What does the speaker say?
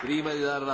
prima di dare la